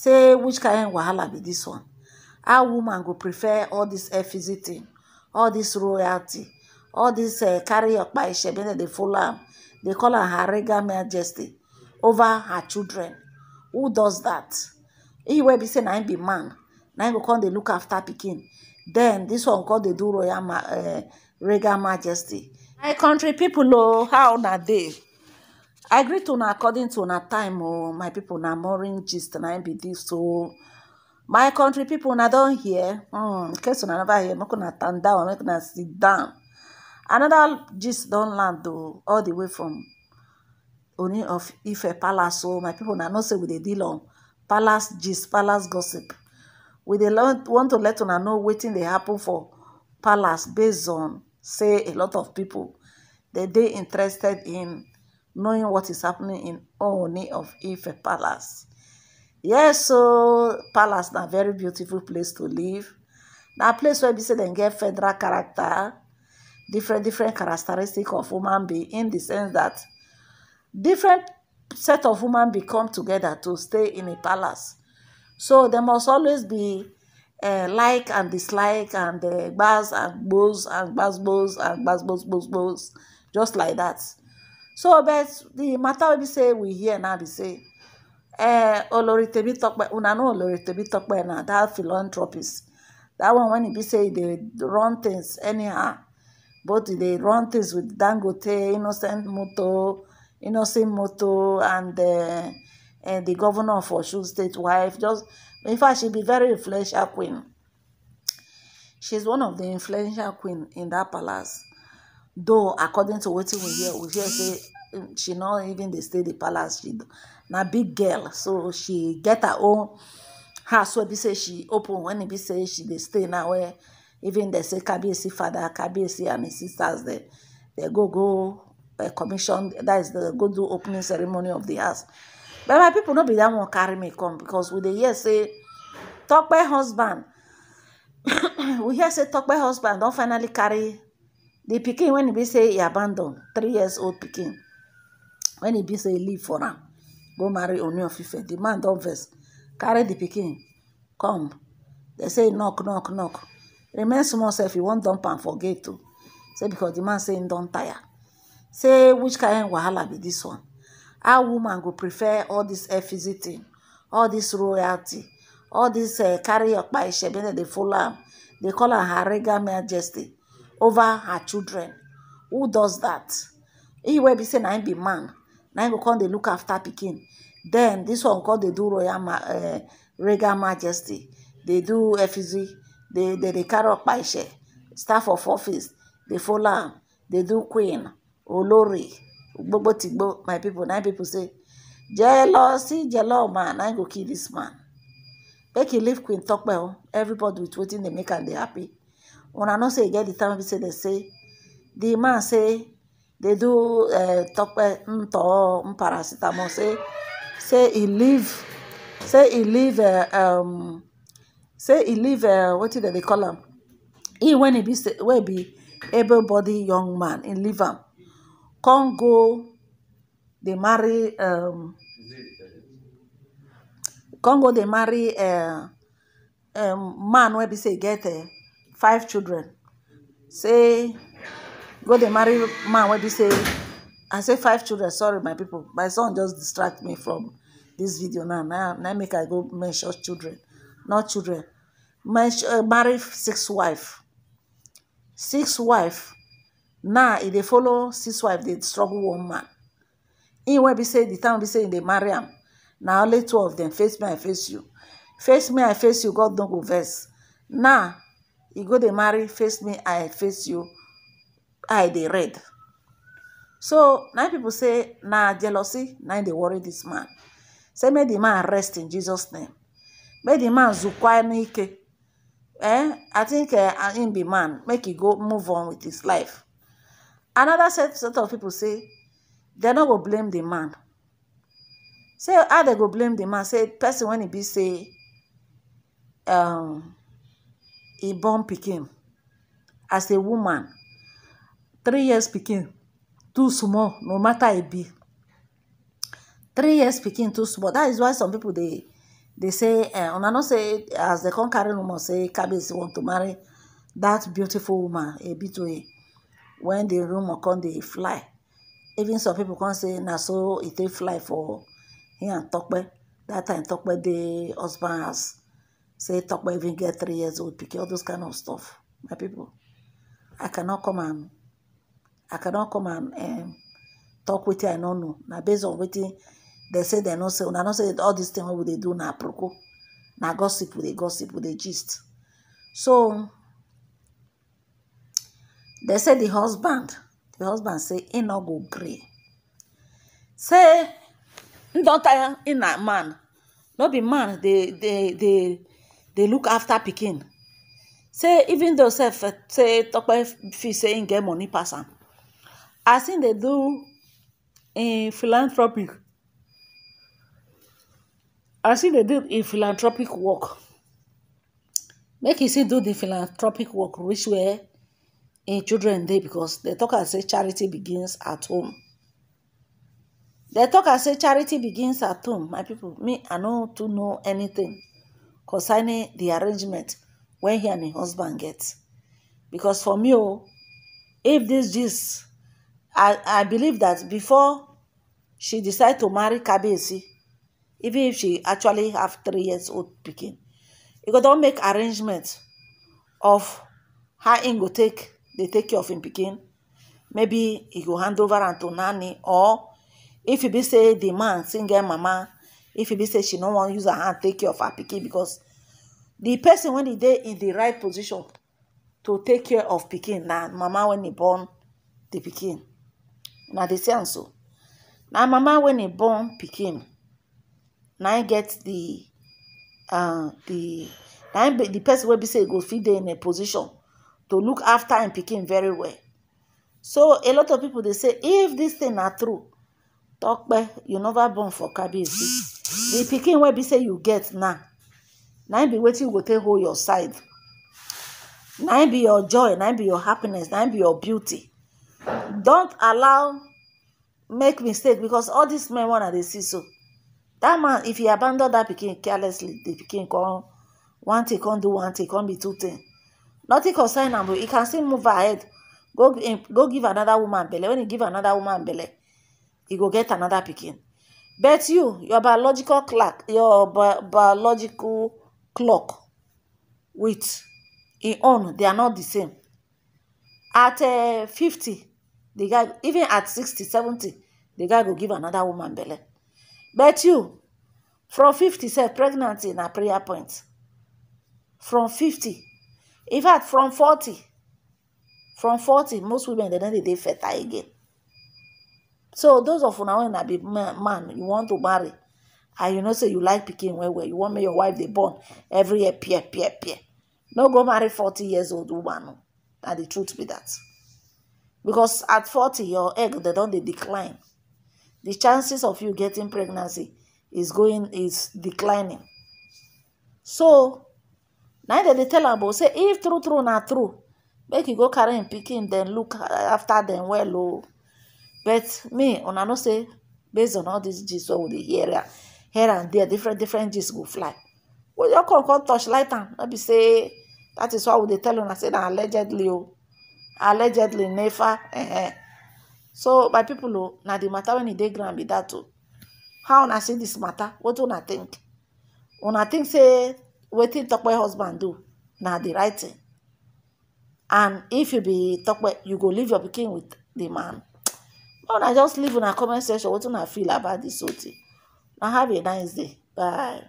say which kind wahala be dis one how woman go prefer all dis effigy thing all dis royalty all dis eh, carry okpa ishebe dem dey follow am dey call am her regal majesty over her children who does that e wey be say na im be man na im go come dey look after pikin then dis one come dey do royal eh, regal majesty my country pipo o oh, how na dey i greet una according to na time o oh, my people na morning gist na im be so my country people na don't hear hmm case na never hear make na stand down make na sit down just gist not land o all the way from only of ife palace so oh, my people na not say we dey deal on palace gist palace gossip we dey want to let una know waiting they happen for palace based on say a lot of people, that dey interested in knowing what is happening in Oni of Ife Palace. Yes, so palace na very beautiful place to live. Na place where we say dem get federal character, different different characteristic of human being in the sense that different set of human become come together to stay in a palace. So there must always be uh, like and dislike and uh, eh, bars and bows and bars bows and bars bows bows bows just like that so but the matter we be say we hear now be say eh olori temitope una know olori by na that philanthropist that one when he be say the wrong run things anyhow both they run things with dangote innocent moto innocent moto and uh, and the governor of Oshu state wife just in fact she be very influential queen she's one of the influential queen in that palace though according to what we hear we hear say mm, she not even they stay the palace she na big girl so she get her own house wey be say she open when e be say she they stay now where even they say kabiyesi father kabiyesi and his sisters They, they go go a eh, commission that is the go do opening ceremony of the house but my people not be that one carry me come because we dey hear say talk by husband we hear say talk by husband Don't finally carry The pikin when e be say e abandon three years old pikin when e be say e leave for am go marry oni of ife di man don vex carry the pikin come dey say knock knock knock remain small sef e wan dump am for gate o oh. say because the man say im don tire say which kind wahala be this one how woman go prefer all this effigy thing all this royalty all this eh, carry okpa isebe dem dey follow am dey call am her regal majesty over her children who does that he wey be say na him be man na him go come dey look after pikin then this one come dey do royal ma uh, regal majesty dey do effigy dey dey dey carry ọ̀pá ìṣe staff of office dey follow am dey do queen olórí gbogbo tìgbó my people nine people say jealousy jealous man na him go kill this man make he leave queen Tope o oh. everybody with wetin dey make am dey happy una know say e get di time be say dem say di man say dey do tope nto paracetamol say say e leave say e leave um say e leave wetin dem dey call am he wen e be say wey be able body young man e leave am come go dey marry um come go dey marry uh, um man wey be say e get five children say go dey marry man wey be say i say five children sorry my people my son just distract me from this video now now now make i go mention children not children uh, marry six wife six wife now if e they follow six wife they struggle one man In wey be say the time be say they marry him. Now, only two of them face me i face you face me i face you god don't go vex now you go to marry face me i face you I the red so now people say nah jealousy Now they worry dis man say make the man rest in jesus name make the man zukwa n'ike eh i think him eh, be man make e go move on with his life another set set of people say not going go blame the man say how they go blame the man say person when he be say um e born pikin as a woman three years pikin too small no matter e be three years pikin too small that is why some people dey dey say eh, una know say as dem come carry rumour say kabiyesi want to marry that beautiful woman A bit way, when the rumour come dey fly even some people come say na so e take fly for him and tope that time tope dey husband house say tokpa even get three years old pikin all those kind of stuff my pipo i cannot come and i cannot come e, and tok wetin i no know na base of wetin dem say dem no say i no say all dis tin wey we dey do na proco na gossip we dey gossip we dey gist so dem say di husband di husband say e no go gree say im don tired im na man no be man dey dem dey look after pikin say even though sef eh, say tope feel say im get money pass am as im dey do im philanthropic as im dey do im philanthropic work make e still do di philanthropic work reach where im children dey because dem talk am say charity begins at home dem talk am say charity begins at home my pipo me i no too know anything concerning the arrangement when he and his husband get because for me o oh, if this gist i i believe that before she decide to marry kabiyesi even if she actually have three years old picking, e go don't make arrangement of how im go take dey take care of him picking, maybe he go hand over am to nanny or if e be say the man still mama if it be said she no wan use her hand take care of her picking because the person when they in the right position to take care of picking now mama when they born the picking now they say am so now mama when they born picking now I get the uh, the now the person will be say go feed them in a position to look after and picking very well so a lot of people they say if this thing are true Talk, tope you never born for kabiyesi the pikin wey be say you get now Now be wetin you go take hold your side Now be your joy Now be your happiness Now be your beauty don't allow make mistake because all dis men wanna dey see so dat man if he abandon that pikin carelessly the pikin come one thing come do one thing come be two thing nothing concern am but e can still move ahead go go give another woman belle when he give another woman belle he go get another picking. but you your biological clock your bi biological clock with e own they are not the same at uh, 50 the guy even at 60 70 the guy go give another woman belly. but you from 50 say pregnancy in a prayer point from 50 in fact from 40 from 40 most women they don't they fetter again so those of now when i be man you want to marry and you know say you like picking well well you want me your wife they born every year peer peer peer no go marry 40 years old woman oh. And the truth be that because at 40 your egg don't they decline the chances of you getting pregnancy is going is declining so neither they tell about say if true true na true make you go carry im picking then look after them well oh. but me una know say based on all these gist wey we dey hear here and there different different gist go fly we just come come touch light am no be say that is why we dey tell una say na allegedly o allegedly nefa eh so my people o na the matter when e dey ground be dat o how una see dis mata wetin una think una think say wetin tope husband do na the right thing and if you be tope you go leave your pikin with the man I just leave in a comment section do I feel about this. whole thing have a nice day bye